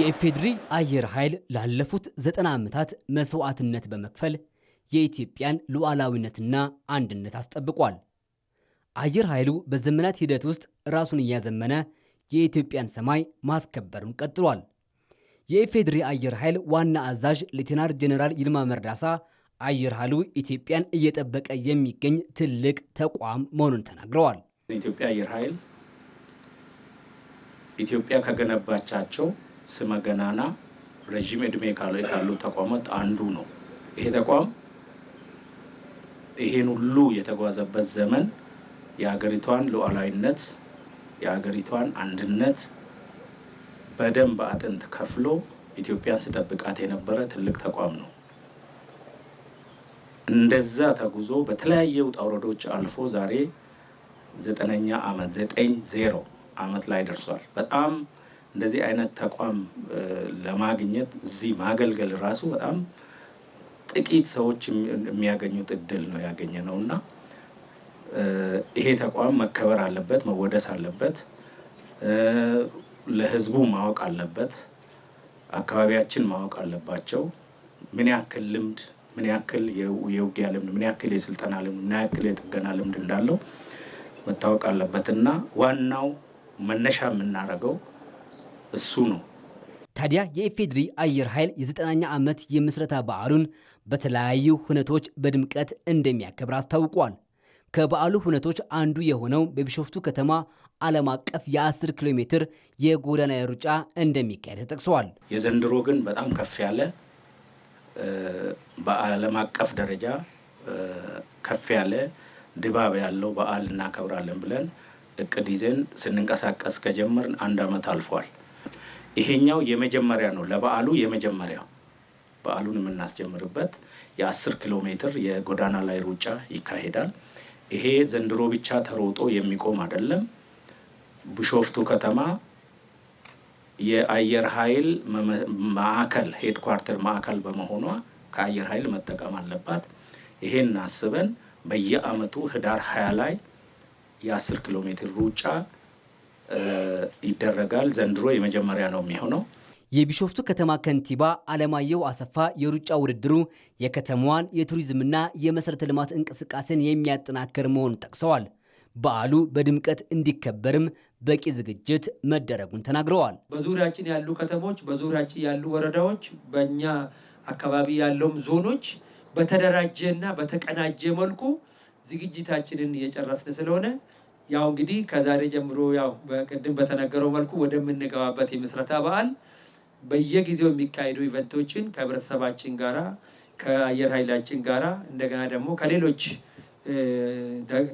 የኢፌድሪ አየር ኃይል ላለፉት ዘጠና ዓመታት መስዋዕትነት በመክፈል የኢትዮጵያን ሉዓላዊነትና አንድነት አስጠብቋል። አየር ኃይሉ በዘመናት ሂደት ውስጥ ራሱን እያዘመነ የኢትዮጵያን ሰማይ ማስከበሩን ቀጥሏል። የኢፌድሪ አየር ኃይል ዋና አዛዥ ሌተናር ጀነራል ይልማ መርዳሳ አየር ኃይሉ ኢትዮጵያን እየጠበቀ የሚገኝ ትልቅ ተቋም መሆኑን ተናግረዋል። የኢትዮጵያ አየር ኃይል ኢትዮጵያ ከገነባቻቸው ስመ ገናና ረዥም እድሜ ካሉ ተቋማት አንዱ ነው። ይሄ ተቋም ይሄን ሁሉ የተጓዘበት ዘመን የሀገሪቷን ሉዓላዊነት የሀገሪቷን አንድነት በደም በአጥንት ከፍሎ ኢትዮጵያን ስጠብቃት የነበረ ትልቅ ተቋም ነው። እንደዛ ተጉዞ በተለያየ ውጣ ውረዶች አልፎ ዛሬ ዘጠነኛ ዓመት ዘጠኝ ዜሮ ዓመት ላይ ደርሷል። በጣም እንደዚህ አይነት ተቋም ለማግኘት እዚህ ማገልገል ራሱ በጣም ጥቂት ሰዎች የሚያገኙት እድል ነው ያገኘ ነው እና ይሄ ተቋም መከበር አለበት፣ መወደስ አለበት፣ ለህዝቡ ማወቅ አለበት፣ አካባቢያችን ማወቅ አለባቸው። ምን ያክል ልምድ ምን ያክል የውጊያ ልምድ ምን ያክል የስልጠና ልምድ ምን ያክል የጥገና ልምድ እንዳለው መታወቅ አለበት እና ዋናው መነሻ የምናደርገው እሱ ነው። ታዲያ የኢፌድሪ አየር ኃይል የዘጠናኛ ዓመት የምስረታ በዓሉን በተለያዩ ሁነቶች በድምቀት እንደሚያከብር አስታውቋል። ከበዓሉ ሁነቶች አንዱ የሆነው በቢሾፍቱ ከተማ ዓለም አቀፍ የ10 ኪሎ ሜትር የጎዳና ሩጫ እንደሚካሄድ ተጠቅሷል። የዘንድሮ ግን በጣም ከፍ ያለ በዓለም አቀፍ ደረጃ ከፍ ያለ ድባብ ያለው በዓል እናከብራለን ብለን እቅድ ይዘን ስንንቀሳቀስ ከጀመርን አንድ ዓመት አልፏል። ይሄኛው የመጀመሪያ ነው። ለበዓሉ የመጀመሪያው በዓሉን የምናስጀምርበት የአስር ኪሎ ሜትር የጎዳና ላይ ሩጫ ይካሄዳል። ይሄ ዘንድሮ ብቻ ተሮጦ የሚቆም አይደለም። ቢሾፍቱ ከተማ የአየር ኃይል ማዕከል ሄድኳርተር ማዕከል በመሆኗ ከአየር ኃይል መጠቀም አለባት። ይሄን አስበን በየአመቱ ህዳር ሀያ ላይ የአስር ኪሎ ሜትር ሩጫ ይደረጋል። ዘንድሮ የመጀመሪያ ነው የሚሆነው። የቢሾፍቱ ከተማ ከንቲባ አለማየሁ አሰፋ የሩጫ ውድድሩ የከተማዋን የቱሪዝምና የመሠረተ ልማት እንቅስቃሴን የሚያጠናክር መሆኑን ጠቅሰዋል። በዓሉ በድምቀት እንዲከበርም በቂ ዝግጅት መደረጉን ተናግረዋል። በዙሪያችን ያሉ ከተሞች፣ በዙሪያችን ያሉ ወረዳዎች፣ በእኛ አካባቢ ያለውም ዞኖች በተደራጀ ና በተቀናጀ መልኩ ዝግጅታችንን እየጨረስን ስለሆነ ያው እንግዲህ ከዛሬ ጀምሮ ያው በቅድም በተነገረው መልኩ ወደምንገባበት የምስረታ በዓል በየጊዜው የሚካሄዱ ኢቨንቶችን ከህብረተሰባችን ጋራ ከአየር ኃይላችን ጋራ እንደገና ደግሞ ከሌሎች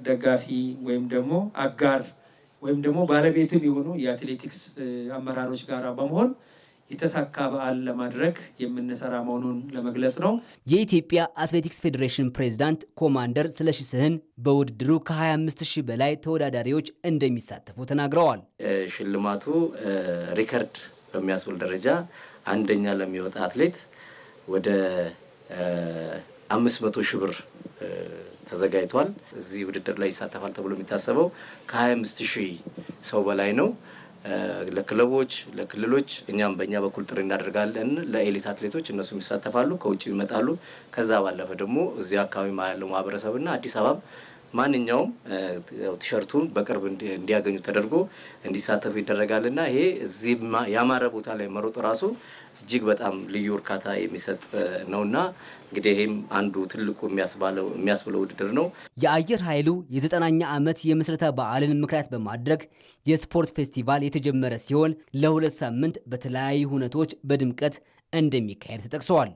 ደጋፊ ወይም ደግሞ አጋር ወይም ደግሞ ባለቤትም የሆኑ የአትሌቲክስ አመራሮች ጋራ በመሆን የተሳካ በዓል ለማድረግ የምንሰራ መሆኑን ለመግለጽ ነው። የኢትዮጵያ አትሌቲክስ ፌዴሬሽን ፕሬዝዳንት ኮማንደር ስለሺ ስህን በውድድሩ ከ25 ሺህ በላይ ተወዳዳሪዎች እንደሚሳተፉ ተናግረዋል። ሽልማቱ ሪከርድ በሚያስብል ደረጃ አንደኛ ለሚወጣ አትሌት ወደ 500 ሺህ ብር ተዘጋጅቷል። እዚህ ውድድር ላይ ይሳተፋል ተብሎ የሚታሰበው ከ25 ሺህ ሰው በላይ ነው። ለክለቦች፣ ለክልሎች እኛም በእኛ በኩል ጥሪ እናደርጋለን። ለኤሊት አትሌቶች እነሱም ይሳተፋሉ፣ ከውጭ ይመጣሉ። ከዛ ባለፈ ደግሞ እዚህ አካባቢ ያለው ማህበረሰብና አዲስ አበባ ማንኛውም ቲሸርቱን በቅርብ እንዲያገኙ ተደርጎ እንዲሳተፉ ይደረጋልና ይሄ እዚህ ያማረ ቦታ ላይ መሮጥ ራሱ እጅግ በጣም ልዩ እርካታ የሚሰጥ ነውና እንግዲህ ይህም አንዱ ትልቁ የሚያስብለው ውድድር ነው። የአየር ኃይሉ የዘጠናኛ ዓመት የምስረተ በዓልን ምክንያት በማድረግ የስፖርት ፌስቲቫል የተጀመረ ሲሆን ለሁለት ሳምንት በተለያዩ ሁነቶች በድምቀት እንደሚካሄድ ተጠቅሰዋል።